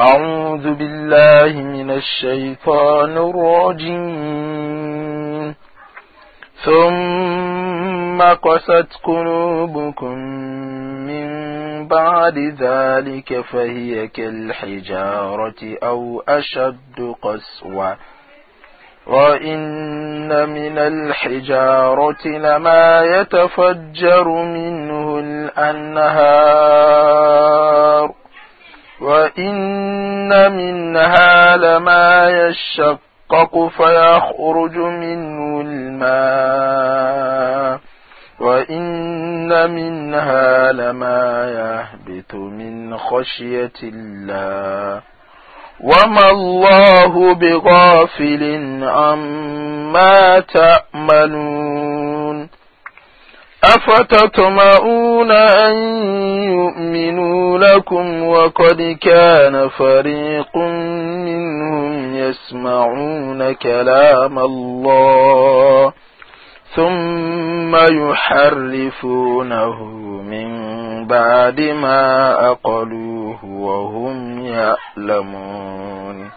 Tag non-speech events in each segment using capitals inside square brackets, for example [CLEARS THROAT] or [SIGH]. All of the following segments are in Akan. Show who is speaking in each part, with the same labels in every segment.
Speaker 1: أعوذ بالله من الشيطان الرجيم ثم قست قلوبكم من بعد ذلك فهي كالحجارة أو أشد قسوة وإن من الحجارة لما يتفجر منه الأنهار وإن منها لما يشقق فيخرج منه الماء وإن منها لما يهبط من خشية الله وما الله بغافل عما تأملون أفتطمعون أن يؤمنوا لكم وقد كان فريق منهم يسمعون كلام الله ثم يحرفونه من بعد ما أقلوه وهم يعلمون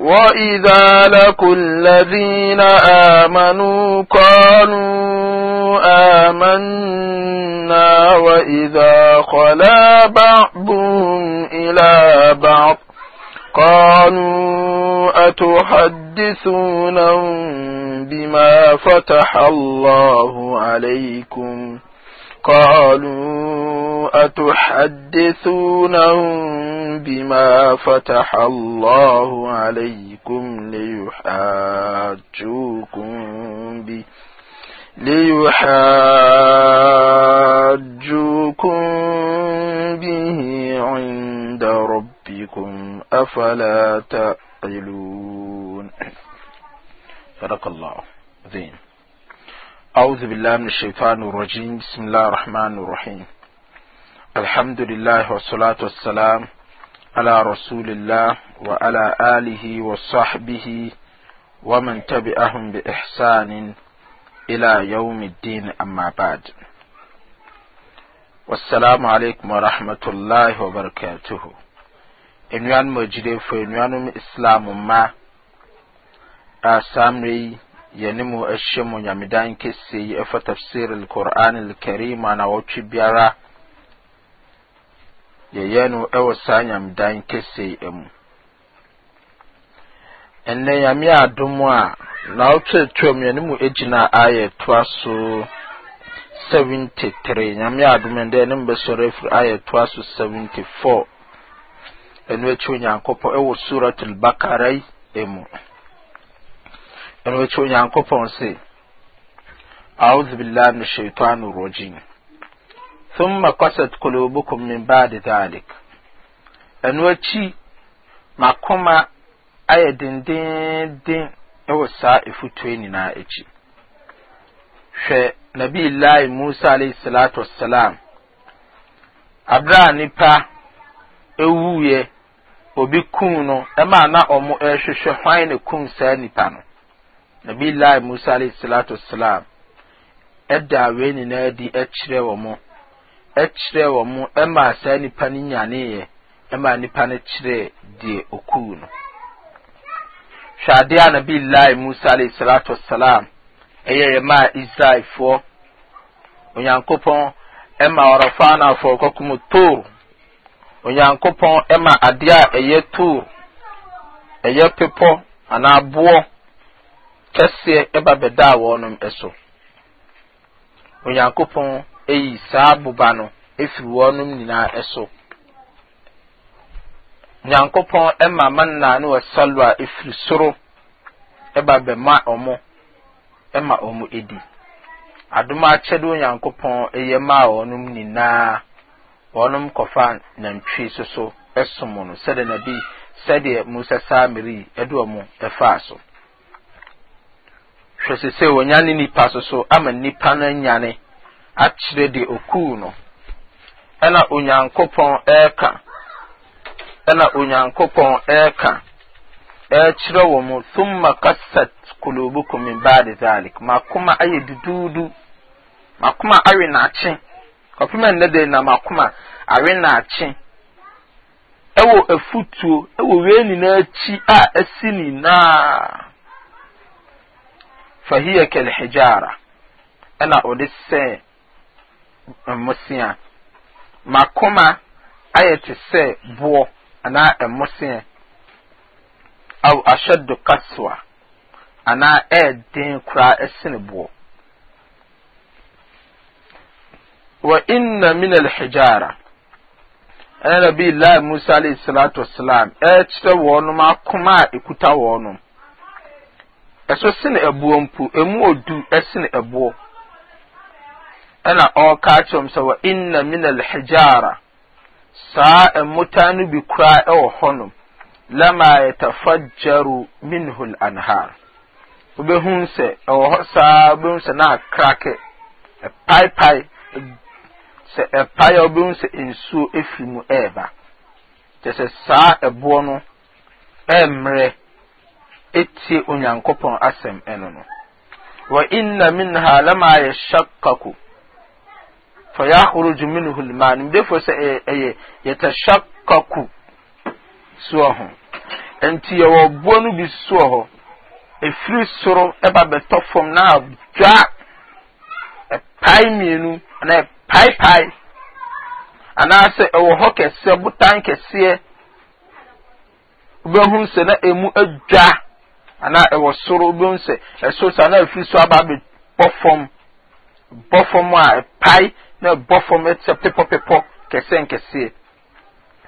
Speaker 1: وَإِذَا لَقُوا الَّذِينَ آمَنُوا قَالُوا آمَنَّا وَإِذَا خَلَا بَعْضُهُمْ إِلَى بَعْضٍ قالوا أتحدثونهم بما فتح الله عليكم
Speaker 2: قالوا
Speaker 1: أتحدثونهم بما فتح الله عليكم ليحاجوكم به ليحاجوكم به عند ربكم أفلا تعقلون صدق الله زين أعوذ بالله من الشيطان الرجيم بسم الله الرحمن الرحيم الحمد لله والصلاة والسلام على رسول الله وعلى آله وصحبه ومن تبعهم بإحسان إلى يوم الدين أما بعد والسلام عليكم ورحمة الله وبركاته enuan mu agyidefo enuanom islam mma a samre yi yɛne mu ahyia mu nyamedan kɛseɛ yi ɛfa tafsir alquran yɛyɛ no ɛwɔ saa nyamdan kɛseɛ ɛmu ɛnɛ nyame adom a na ɔtwerɛtwerɛ mmienu mu gyina ayɛ toa so 73 nyame adom ɛndɛ ɛne mbɛsɔre afiri ayɛ toa so 74 ɛno akyi onyankopɔn ɛwɔ surat al-bakara yi ɛmu ɛno akyi onyankopɔn se أعوذ بالله من الشيطان الرجيم thumma qasat qulubukum min ba'di dhalik ɛno akyi makoma ayɛ dendenden ɛwɔ saa efutue nyinaa akyi hwɛ nabiilahi musa alayhi salatu wassalam abere a nipa ewuiɛ obi kum no ɛma na ɔmo ɛrehwehwɛ hwan na kum saa nipa no nabiilahi musa alayhi salatu wassalam ɛda awee nyinaa di ɛkyerɛ wɔn. ɛkyerɛɛ wɔn mo ɛmaa saa nipa no yɛ ɛmaa nipa no kyerɛɛ deɛ okuu no hwɛ adeɛ a nabi lai musa alayhi salatu wasalam ɛyɛ ɛmaa israelfoɔ onyankopɔn ɛma ɔrɔfa na afɔkɔkum toor onyankopɔn ɛma adeɛ a ɛyɛ toor ɛyɛ pepɔ anaa boɔ kɛseɛ ɛba bɛdaa wɔn ɛso onyankopɔn eyi saa boba no efiri wɔnom nyinaa ɛso nyankopɔn ɛma manna ne wɔ salwa efiri soro ɛba bɛma ɔmo ɛma ɔmo edi adoma akyɛdeɛ nyankopɔn ɛyɛ maa wɔnom nyinaa wɔnom kɔfa nantwie soso ɛsom no sɛdeɛ bi, sɛdeɛ musa saamiri ɛde ɔmo ɛfaa so hwɛ sɛ sɛ nipa soso ama nipa no nyane akyerɛ deɛ okuu no ɛna onyankopɔn ɛɛka ɛna onyankopɔn ɛɛka ɛɛkyerɛ wɔ mu thumma kasat kulubukum min baadi dhalik makoma ayɛ duduudu makoma awe naakye kɔpem ɛnnɛ de na makoma awe naakye ɛwɔ afutuo ɛwɔ wei nyinaa akyi a ɛsi nyinaa fahiya kalhijara ɛna ɔde sɛn mmosia makoma ayɛ te sɛ boɔ anaa mmosia aw ahyɛdo kasoa anaa ɛyɛ den koraa ɛsene boɔ wa inna min alhijara ɛna nabi lai musa alayhi salatu wasalam ɛkyerɛ wɔnom akoma a ekuta nom ɛso sene ɛboɔ mpo emu odu ɛsene ɛboɔ ɛna ɔreka kyerɛm sɛ wɔ inna min alhijara saa mmuta no bi koraa ɛwɔ hɔnom lama yatafajjaru minhu lanhar wobɛhu sɛ ɛwɔ hɔ saa wobɛhu sɛ na akrake ɛpaepae sɛ ɛpae a wobɛhu sɛ nsuo ɛfiri mu ɛɛba kyɛ sɛ saa ɛboɔ no ɛmmerɛ ɛtie onyankopɔn asɛm ɛno no wa inna minha lama yashakkaku fayahuruju minhu lmaa nimdefoɔ sɛ ɛyɛ yɛtashakaku soɔ ho nti yɛwɔ boɔ no bi soɔ hɔ efiri soro ɛba bɛtɔ fam na adwa ɛpae mmienu anaa ɛpaepae anaasɛ ɛwɔ hɔ kɛseɛ botan kɛseɛ wobɛhu sɛ na emu adwa anaa ɛwɔ soro wobɛhu sɛ ɛsoro saa na ɛfiri so aba bɛbɔ fam bɔ fam a ɛpae na ɛbɔ fam ɛkyɛ pepɔpepɔ kɛseɛ nkɛseɛ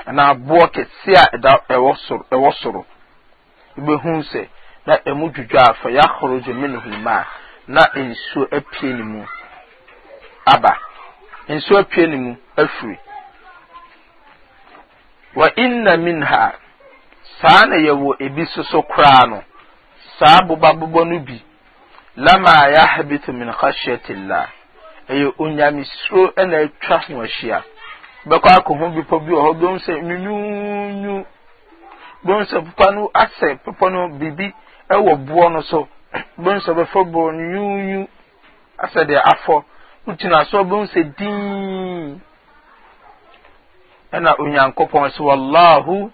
Speaker 1: anaa aboɔ kɛseɛ a ɛda ɛwɔ soro ɛwɔ soro ebehu sɛ na ɛmu dwodwa afa yɛahoro gye me hima na nsuo apue ne mu aba nsuo apue ne mu afiri wa inna minha saa na yɛwɔ ebi soso koraa no saa boba bobɔ no bi lama yahbitu min khashyati ɛyɛ onyamesuro na atwa ho ahyia bɛkɔ akɔ ho bepɔ bi wɔ hɔ bɛhu sɛ nwunwunwu bɛhu sɛ pepa no asɛ pepɔ no biribi ɛwɔ boɔ no so [CLEARS THROAT] bɛhu sɛ bɛfɔ boɔ no nwunwu asɛ deɛ afɔ wogyina so bɛhu sɛ dinn ɛna onyankopɔn sɛ wallahu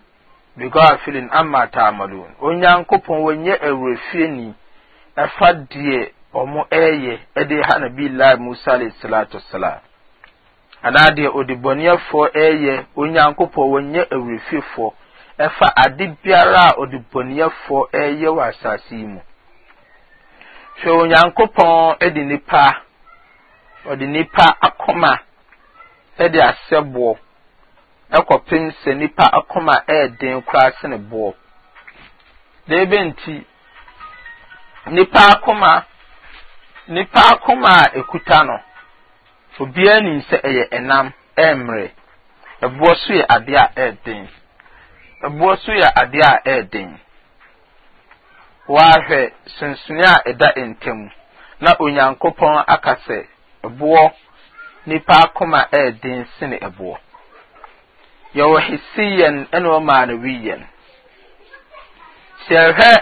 Speaker 1: bigafilin ama taamaloon onyankopɔn wɔnyɛ awurɛfie ni ɛfa deɛ ɔmo ɛɛyɛ ɛde ha na bi laa musa alayhi salatu wasalam anaa deɛ odebɔneɛfoɔ ɛɛyɛ onyankopɔn wɔnyɛ awurefiefoɔ ɛfa ade biara a odebɔneɛfoɔ ɛɛyɛ wɔ asase yi mu hwɛ onyankopɔn ɛde nipa ɔde nipa akoma ɛde asɛ boɔ ɛkɔpem sɛ nipa akoma ɛɛden koraa sene boɔ deebe nti nipa akoma nipa akoma a ekuta no obiara ni sɛ ɛyɛ ɛnam ɛmmerɛ ɛboɔ so yɛ adeɛ a ɛɛden ɛboɔ so yɛ adeɛ a ɛɛden wahwɛ sunsuni a ɛda ntam na onyankopɔn aka sɛ ɛboɔ nipa akoma ɛɛden sene ɛboɔ yɛwɔ yɛn ɛna ɔmaa wi yɛn ɛhwɛ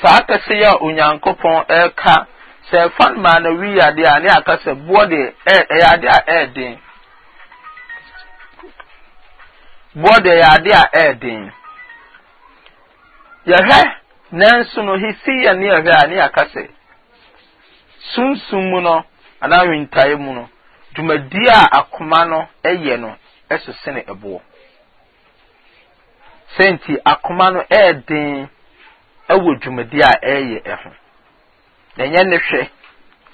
Speaker 1: saa kɛse yɛ a onyankopɔn ɛɛka sɛ fan maanawi yɛ adeɛ a ne aka boɔ deɛ ɛyɛ adeɛ a ɛyɛ den boɔ deɛ yɛ adeɛ a ɛyɛ den yɛhwɛ nanso no hisi yɛ ne yɛhwɛ a ne aka sunsun mu no anaa nwintae mu no dwumadie a akoma no ɛyɛ no ɛso sene ɛboɔ sɛnti akoma no ɛyɛ a ɛyɛ ɛho. na ɛnyɛ ne hwɛ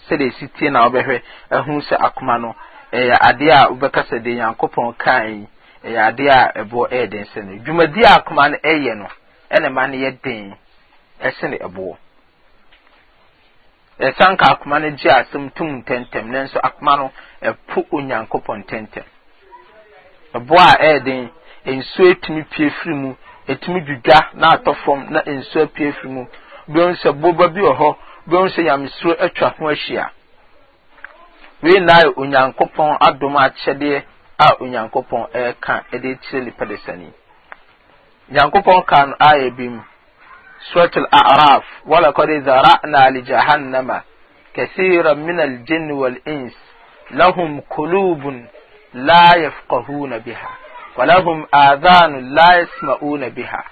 Speaker 1: sɛdeɛ esi tie na wɔbɛhwɛ ɛho sɛ akoma no ɛyɛ adeɛ a wɔbɛkasa de nyankopɔn kan yi ɛyɛ adeɛ a ɛboɔ ɛyɛ e den sɛ no dwumadie a akoma no ɛyɛ e no ɛna e ma no yɛ den ɛsene ɛboɔ ɛsan ka akoma no gye asɛm tum ntɛntɛm nanso akoma no ɛpo onyankopɔn ntɛntɛm ɛboɔ a ɛyɛ den nsuo etumi pie firi mu etumi dwudwa na atɔ fam na nsuo pie firi mu bi nso boba bi wɔ hɔ bɛhu sɛ nyamesuro atwa ho ahyia wei na ayɛ onyankopɔn adom akyɛdeɛ a onyankopɔn ɛɛka ɛde kyerɛ nipa de sani nyankopɔn ka no ayɛ bi mu suratul a'raf walakad zara'na li jahannama min al-jinn wal ins lahum kulubun la yafkahuna biha ولهم آذان لا يسمعون بها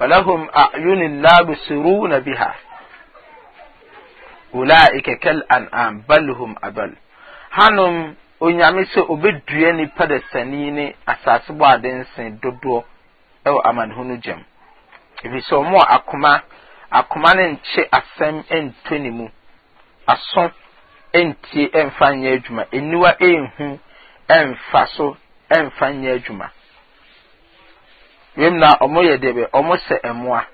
Speaker 1: ولهم أعين لا يبصرون بها ulaika kal an'am bal hum abal hanom onyame sɛ obɛdua nipa da sani ne asase bɔ ade nsen dodoɔ ɛwɔ amanehunu gyam ebi sɛ ɔmo a akoma akoma ne nkye asɛm ɛnto ne mu aso ɛntie ɛnfa nyɛ adwuma eniwa ɛnhu ɛnfa so ɛnfa nyɛ adwuma wiem na ɔmo yɛ deɛ bɛ ɔmo sɛ ɛmoa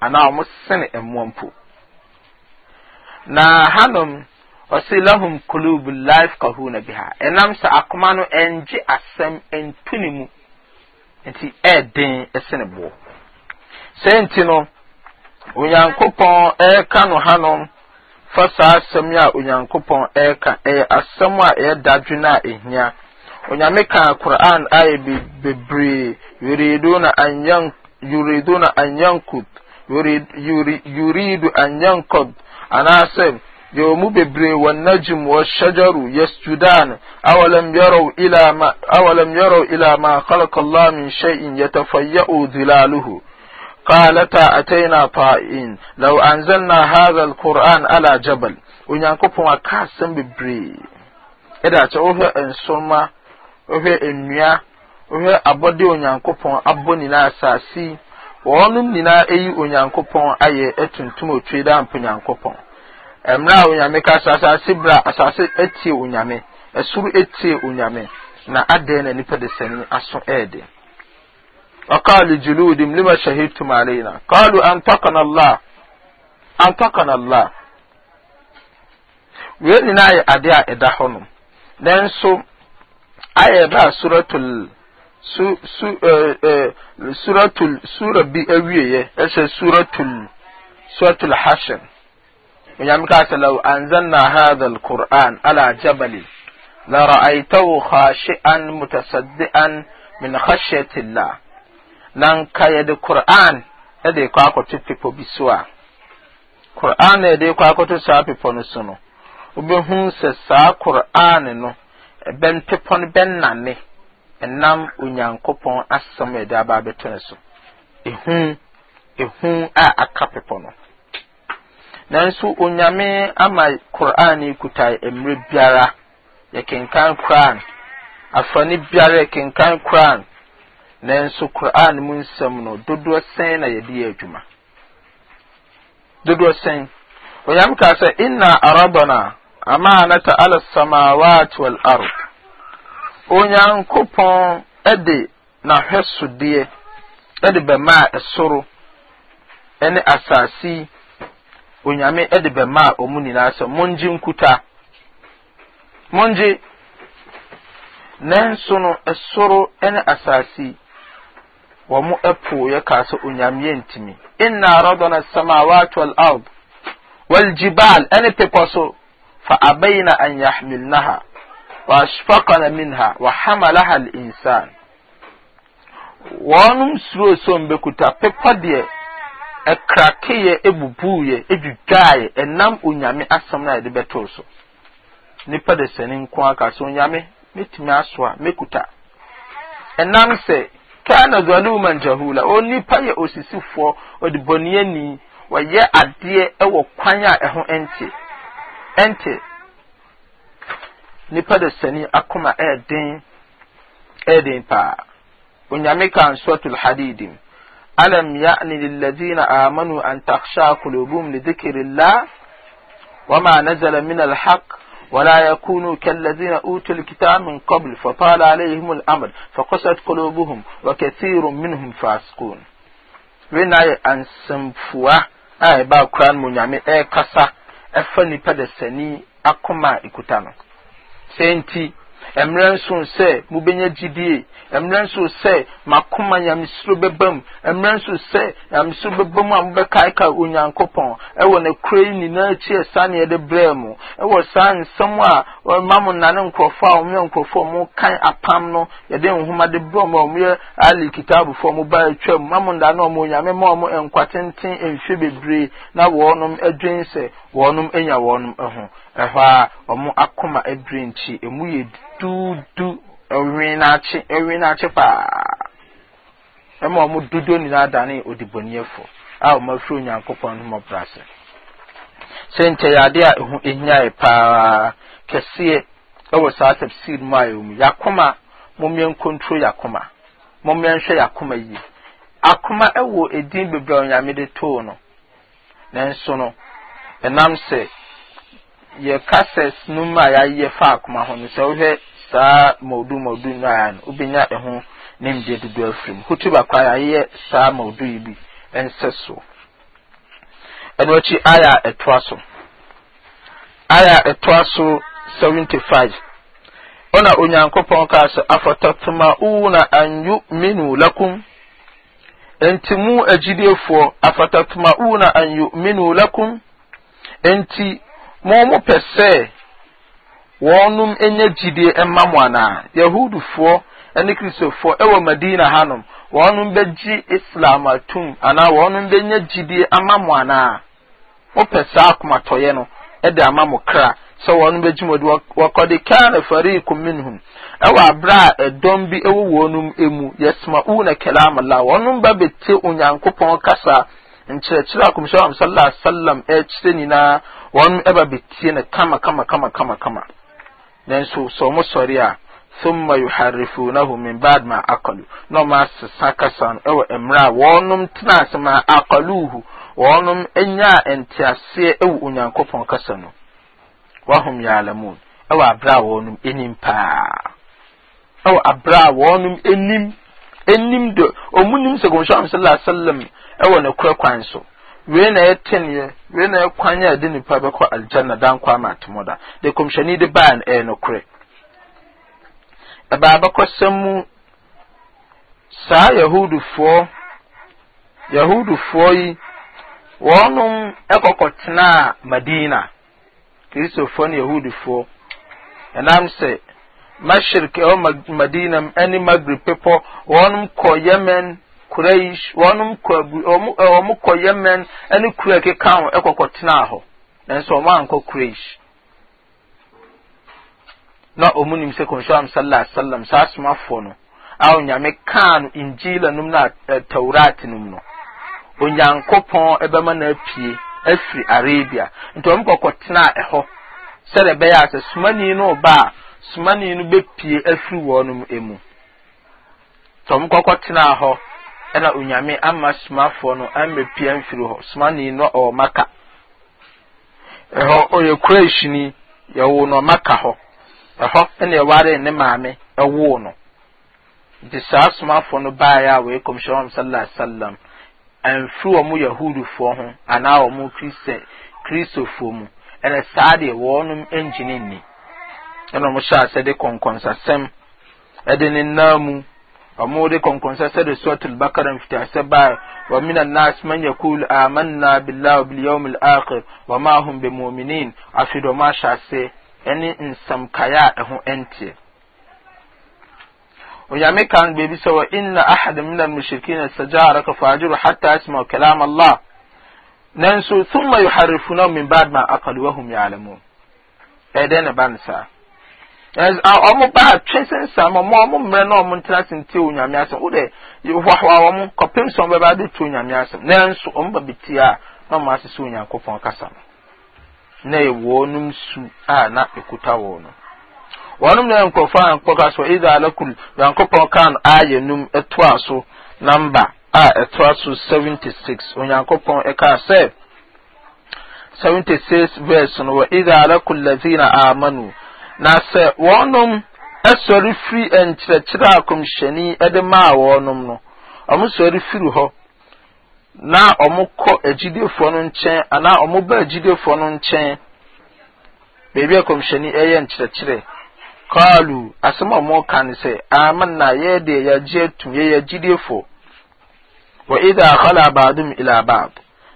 Speaker 1: anaa ɔmo sene ɛmoa mpo na hanom
Speaker 2: ɔsi lahum
Speaker 1: kulub life kahuna biha ɛnam sɛ akoma no ɛngye asɛm ɛntu ne mu nti ɛɛden ɛsene boɔ sɛ nti no onyankopɔn ɛɛka no hanom fa saa asɛm yi a onyankopɔn ɛɛka ɛyɛ asɛm a ɛyɛ dadwene a ɛhia onyame kaa quran ayɛ bebree yuriduna an yankut yuridu an yankod anaasɛ deɛ wɔ mu bebree wɔ najm wɔ shajaru yasjudan awalam yarɔw ila ma awalam yarɔw ila ma khalaqa allah min shay'in yatafayya'u dhilaluhu قالتا أتينا طائين لو أنزلنا هذا القرآن على جبل ونyankopo aka asɛm bebree ɛda kyɛ wohwɛ nsoma wohwɛ nnua wohwɛ abɔde onyankopɔn abɔ nyinaa asase wɔn nyinaa eyi onyankopɔn ayɛ etuntum otwe dɛ ampa onyankopɔn mmerɛ a onyame ka so asase bra asase etie onyame ɛsoro etie onyame na adɛn na nipa de sani aso ɛɛde وقال جلودهم لما شهدتم علينا قالوا أنطقنا الله أنطقنا الله wei nyinaa yɛ adeɛ a ɛda hɔnom nanso ayɛ baa suratul su su ɛɛ ɛɛ suratul sura bi awieɛ ɛhyɛ suratul suratul hashr onyame kaa sɛ law anzalna hadha alquran ala jabali lara'aytahu khashi'an mutasaddi'an min khashyati llah na nka yɛde quran ɛde kɔ akɔto pepɔ bi so a quran na yɛde kɔ akɔto saa pepɔ no so no wobɛhu sɛ saa quran no bɛn pepɔ no bɛnnane ɛnam onyankopɔn asɛm a yɛde aba abɛtɔn so ehu ehu a aka pepɔ no nanso onyame ama koran kuta mmerɛ biara yɛkenkan koran afrani biara yɛkenkan koran nanso koran mu nsɛm no dodoɔ sɛn na yɛde yɛ adwuma dodoɔ sɛn onyame kaa sɛ inna aradana amaanata ala samawat wal ard onyankopɔn de n'ahwɛsodeɛ de bɛmaa ɛsoro ne asase onyame de bɛmaa ɔmo nyinaa sɛ mongye nkuta mongye nanso no ɛsoro ne asase wɔn po yɛ kaa sɛ onyame yɛ ntumi inna aradɔna samawati wal ard wal jibal ne pepɔ so fa abayna an yahmilnaha وأشفقنا منها وحملها الإنسان wɔnom suro so mbɛkuta pepa deɛ ɛkrakeeɛ ebubuuɛ edwidwaeɛ ɛnam onyame asɛm no a yɛde bɛtoo so nipa de sɛne nko aka so onyame metumi aso mekuta ɛnam sɛ kana zaluman jahula o nipa yɛ osisifoɔ ɔde bɔneɛni wɔyɛ adeɛ ɛwɔ kwan a ɛho ɛnte ɛnte nipa da sani akoma ɛyɛ den ɛyɛ paa onyame kan suratul hadid alam ya'ni lilladhina amanu an takhsha qulubuhum li dhikrillah wama nazala min alhaq ولا يكونوا كالذين أوتوا الكتاب من قبل فطال عليهم الأمر فقست قلوبهم وكثير منهم فاسقون wena yɛ ansɛmfua a ɛba akora no mu nyame ɛrekasa ɛfa nipa da sani akoma a ekuta no sɛ nti mmerɛ nso sɛ mubenya gyidie mmerɛ nso sɛ makoma nyamesuro bɛba mu mmerɛ nso sɛ nyamesuro bɛba mu a mobɛkaekae onyankopɔn ɛwɔ ne kura yi nyinaa akyi ɛsa ne yɛde brɛɛ mu ɛwɔ saa nsɛm a ɔma mo nane nkurɔfoɔ a ɔmoyɛ nkurɔfoɔ mo kan apam no yɛde nhoma de brɛ mu a ɔmoyɛ ali kitaabufoɔ mo baa atwa mu ma mo nane ɔmo onyame ma ɔmo tenten nhwɛ bebree na wɔnom adwen sɛ wɔnom anya wɔnom ho ɛhɔ a wɔn akoma abire nkyi emu yɛ duudu ɛwin n'akyi ɛwin n'akyi paa ɛma wɔn dodo nyinaa dane odiboniefo a wɔn afiri onyankopɔn no mɔbra ase sɛnkyɛ yɛ adeɛ a ɛho ɛnyae paa kɛseɛ ɛwɔ saa tafsir mu a ɛwɔ mu yakoma mɔmmea nkontro yakoma mɔmmea nhwɛ yakoma yie akoma ɛwɔ edin bebree onyame de too no nanso no ɛnam sɛ yɛ kasɛs no mu a yɛayɛ fa akoma ho no sɛ wohwɛ saa maudu maudu no a no wobɛnya ɛho ne mdeɛ afiri mu hotuba kwa yɛayɛ saa maudu yi bi ɛnsɛ so ɛno akyi aya ɛtoa e so aya ɛtoa e so 75 ɔna onyankopɔn kaa sɛ lakum mu e lakum nti mo mo pɛ sɛ wɔnom nya gyidie ɛma mo anaa yahudifoɔ ɛne kristofoɔ ɛwɔ madina hanom wɔnom bɛgye islam atum anaa wɔnom bɛnya gyidie ama mo anaa mo pɛ saa akomatɔyɛ no ɛde ama mo kra sɛ wɔnom bɛgye mo de wɔkɔde kana fariqu minhum ɛwɔ abere a ɛdɔm bi ɛwɔ wɔnom mu yɛsmauna kalam allah wɔnom ba bɛtie onyankopɔn kasa nkyerɛkyerɛ a kɔmhyɛ am sallallahu Salam, wasallam ɛkyerɛ nyinaa wɔn ɛba betie no kama kama kama kama kama nanso sɛ wɔn sɔre a thumma yuharrifunahu min ba'd ma akalu. na wɔn asesa kasa no ɛwɔ mmerɛ a wɔnom tena ase ma aqaluhu wɔnom anya nteaseɛ ɛwɔ onyankopɔn kasa no wahum ya'lamun ɛwɔ abere a wɔnom anim paa ɛwɔ abere a wɔnom anim anim do ɔmu nim sɛ kɔmhyɛ sallallahu alaihi wasallam ɛwɔ ne kora kwan so wei na ɛyɛ teneɛ wei na ɛyɛ kwan a ɛde nipa bɛkɔ aljanna dan ma ama atemɔda de kɔmhyɛni de baa no ɛyɛ nokorɛ ɛbaa bɛkɔsɛm mu saa yahudufoɔ yahudufoɔ yi wɔnom ɛkɔkɔtenaa madina kristofoɔ ne yahudufoɔ ɛnam sɛ mashirk ɛwɔ madina ɛne magrib pepɔ wɔn kɔ yemen kureish wɔn kɔ wɔn kɔ yemen ɛne kura keka ho ɛkɔkɔ tena hɔ nanso wɔn ankɔ kuraish na wɔn nim sɛ kɔnhyɛn sallallahu alaihi wasallam saa asomafoɔ no a onyame injila nom na Tawrat nom no onyankopɔn ɛbɛma na apue afiri arabia nti wɔn kɔkɔ tena ɛhɔ sɛdeɛ sumani no ɔbaa. sumani no bepie afiri wɔn mu tɔm kɔkɔ tenaa hɔ ɛna onyame ama somafoɔ no ama pie amfiri hɔ sumani no ɔwɔ maka ɛhɔ ɔyɛ kureshini yɛwo no maka hɔ ɛhɔ ɛna ɛware ne maame ɛwoo no nti saa somafoɔ no baeɛ a wɔyɛ kɔmhyɛn wɔn sallallahu alaihi wasallam ɛmfiri wɔn yahudifoɔ ho anaa wɔn kristofoɔ mu ɛna saa deɛ wɔn ngyini ni. ɛna ɔmo hyɛ ase de kɔnkɔnsasɛm ɛde ne nan mu ɔmo de kɔnkɔnsasɛm de sɔtil bakara mfitaasɛ baa ومن الناس من يقول آمنا بالله وباليوم الآخر وما هم بمؤمنين أفيد ما شاسي أني إنسام كيا أهو أنتي ويامي كان بيبي سوى إن أحد من المشركين استجارك فاجر حتى يسمع كلام الله ننسو ثم يحرفونه من بعد ما أقل وهم يعلمون أدين بانسا Uh, ọmụ baa twese nsam ọmụ ọmụ mmerɛ na ọmụ ntena ase ntie onyame asɛm wo dɛ hwahwa wɔn kɔpem sɔn bɛba adi tu onyame asɛm nanso ɔmụ ba beti a na ɔmụ asese onyankopɔn kasa no na ɛwɔ nom su a na ekuta wɔn no wɔn na nkɔfo a nkpɔka so ɛdze alakul onyankopɔn kan ayɛ num ɛtoa so namba a ɛtoa so seventy six onyankopɔn ɛka sɛ seventy six verse no wɔ ɛdze alakul lazina amanu. na sɛ wɔnom ɛsɔre firi nkyerɛkyerɛ a kɔmhyɛni ɛde maa wɔnom no ɔmo sɔre firi hɔ na ɔmo kɔ agyidefoɔ no nkyɛn anaa ɔmo ba agyidefoɔ no nkyɛn beebi a kɔmhyɛni ɛyɛ nkyerɛkyerɛ kaalu asɛm a ɔmo ka ne sɛ na yɛ deɛ yɛagye atum yɛyɛ agyidefoɔ wɔ idha khala baadum ila baad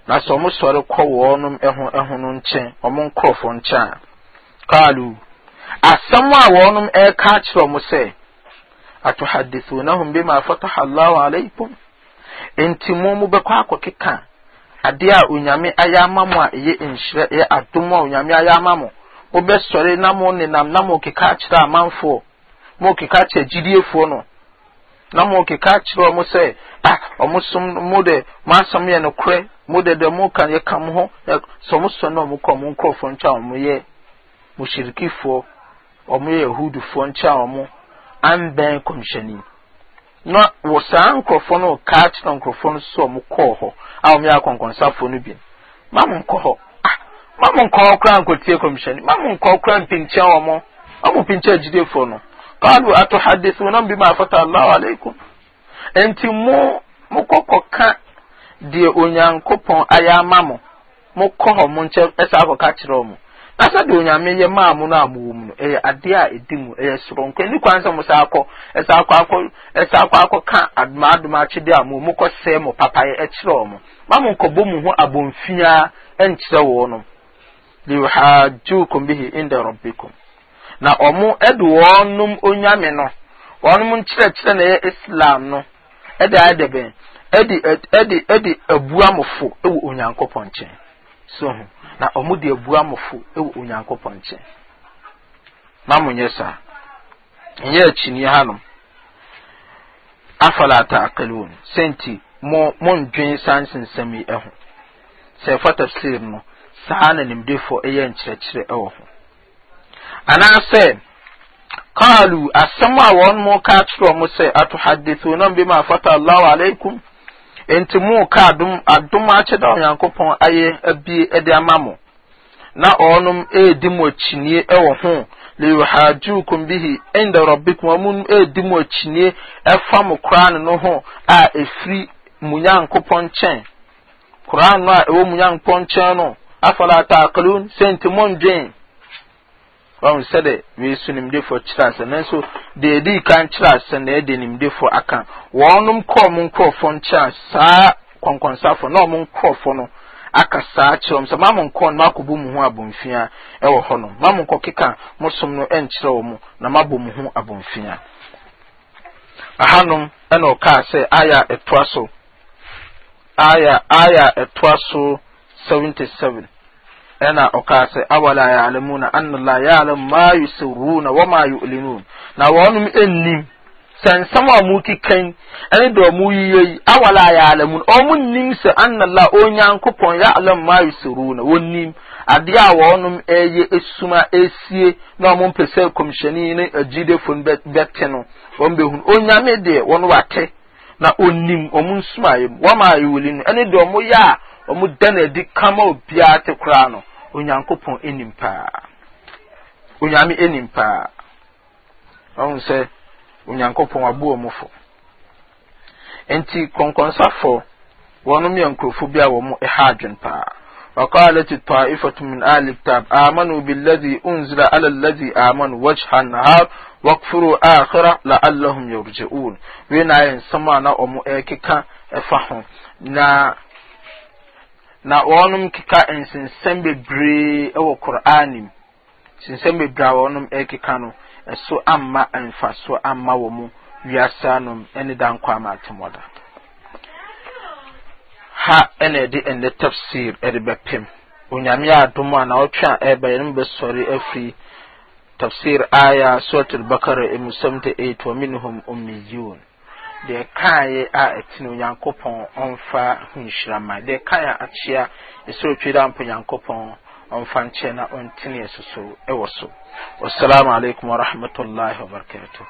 Speaker 1: na sɛ ɔmo sɔre kɔ wɔnom ɛho ɛho no nkyɛn ɔmo nkorɔfoɔ nkyɛn kaalu asɛm a wɔnom ɛka kyerɛ mo sɛ atuhadithunahum bima fataha Allahu alaykum enti mo mo bɛkɔ akɔkeka adeɛ a onyame ayɛ ama mo a ɛyɛ nhyirɛ ɛyɛ adom a onyame ayɛ ama mo mobɛsɔre na mo nenam na mo keka kyerɛ amanfoɔ mo keka kyerɛ gyidiefoɔ no na mo keka kyerɛ ɔmo sɛ ah ɔmo som mo de mo asɛm yɛ nokorɛ mo de de mo ka yɛ ka mo ho sɛ ɔmo sɔ na ɔmo kɔ ɔmo nkorɔfoɔ nkyɛn a ɔmo yɛ mushirikifoɔ ɔmo yɛ yahudifoɔ nkyɛn a ɔmo anbɛn na wɔ saa nkorɔfoɔ no kaa kyerɛ nkorɔfoɔ no so ɔmo kɔɔ hɔ a ɔmo yɛ akɔnkɔnsafoɔ no bi mamu nkɔ hɔ ah mamu nkɔ hɔ koraa nkɔ koraa mpinkyɛn ɔmo ɔmo no ato bi ma afata allah aleikum nti mo mo kɔkɔ ka deɛ onyankopɔn ayɛ ama mo mo asa de onyame yɛ maa mu no a mowɔ mu no ɛyɛ a ɛdi mu ɛyɛ soronko ɛni kwan sɛ mo sa akɔ ɛsa akɔ akɔ ɛsa akɔ akɔ ka adoma adoma akyɛde a mo mo kɔ sɛɛ mo ɛkyerɛ wɔn ma mo nkɔbɔ mo ho abɔnfia ɛnkyerɛ wɔn no liwhajukum na ɔmo ɛde onyame no na ɛyɛ islam no ɛde ayɛ ɛde ɛde ɛde so na ɔmo de ebu amofo ɛwɔ onyankopɔn nkyɛn na mo nyɛ saa nyɛ akyini hanom afala taakalon senti mo mo ndwen san nsensɛm yi ɛho sɛ fata tafsir no saa na nimdefoɔ ɛyɛ nkyerɛkyerɛ ɛwɔ ho anaasɛ
Speaker 2: kaalu asɛm a wɔn
Speaker 1: mo ka akyerɛ wɔn sɛ atohadithunam bima fata allahu alaikum nti mu ka adum adum akyɛda onyankopɔn ayɛ abie ɛde ama mo na ɔnom edi mo akyinie ɛwɔ ho liyuhajukum bihi inda rabbikum ɔmo edi mu akyinie ɛfa mo koraa no ho a efiri mu nyankopɔn nkyɛn koraa no a ɛwɔ mo nyankopɔn nkyɛn no afɔlata akalun sɛ nti mu ndwen ɔhu sɛde wei so nimdefoɔ kyerɛ nanso deɛ ɛdi kan kyerɛ na ɛde nimdefoɔ aka wɔnom kɔɔ mo nkurɔfoɔ nkyɛn saa kɔnkɔnsafoɔ na ɔmo nkurɔfoɔ no aka saa kyerɛ ɔmo sɛ maamo nkɔɔ no makɔbɔ mu ho abomfia ɛwɔ hɔ no maamo nkɔ keka mo no ɛnkyerɛ ɔmo na mabɔ mu ho abomfia ɛna ɔkaa sɛ aya ɛtoa e so aya aya e so ɛna ɔkaa sɛ awala ya'lamuna anna la ya'lam ma yusirruna wa ma yu'linun na wɔnom nnim sɛ nsɛm a mukekan ɛne deɛ ɔmo yie yi awala ya'lamun ɔmo nnim sɛ anna la onyankopɔn ya'lam ma yusirruna wɔnnim adeɛ a wɔnom ɛyɛ esuma esie na ɔmo mpɛ sɛ kɔmhyɛni ne agyidefo no bɛte no wɔn bɛhun onyame deɛ wɔn wate na onim ɔmo nsumayɛ mu wɔn a yɛ wɔli ɛne deɛ ɔmo yɛ a wɔn da na adi kama obiara te koraa no onyankopɔn anim paa onyame anim paa ɔhun sɛ onyankopɔn abu wɔn fo nti kɔnkɔnsafo wɔn yɛ nkurɔfo bi a wɔn ha adwene paa. وقالت الطائفة من آل الكتاب آمنوا بالذي أنزل على الذي آمنوا وجه النهار wakfuru akhira la'allahum yarji'un wena yin sama na omu ekika efahu na na wɔnom keka nsensɛm bebree wɔ kur'ani mu nsensɛm bebree a wɔnom keka no ɛso amma mfa so amma wɔ mu wiasa nom ne dankɔ ama atemɔda ha ɛna ɛde ɛnɛ tafsir ɛde bɛpem onyame adom a na ɔtwe a ɛbɛyɛ no bɛsɔre afiri tafsir aya suratul bakara emu 78 wa minhum ummiyun deɛ kaayɛ a ɛtene onyankopɔn ɔmfa ho nhyirama deɛ kaayɛ akyea ɛsɛ otwe dɛ ampa onyankopɔn ɔmfa nkyɛ na ɔntene ɛsoso ɛwɔ so wassalamu alaikum warahmatullahi wabarakatuh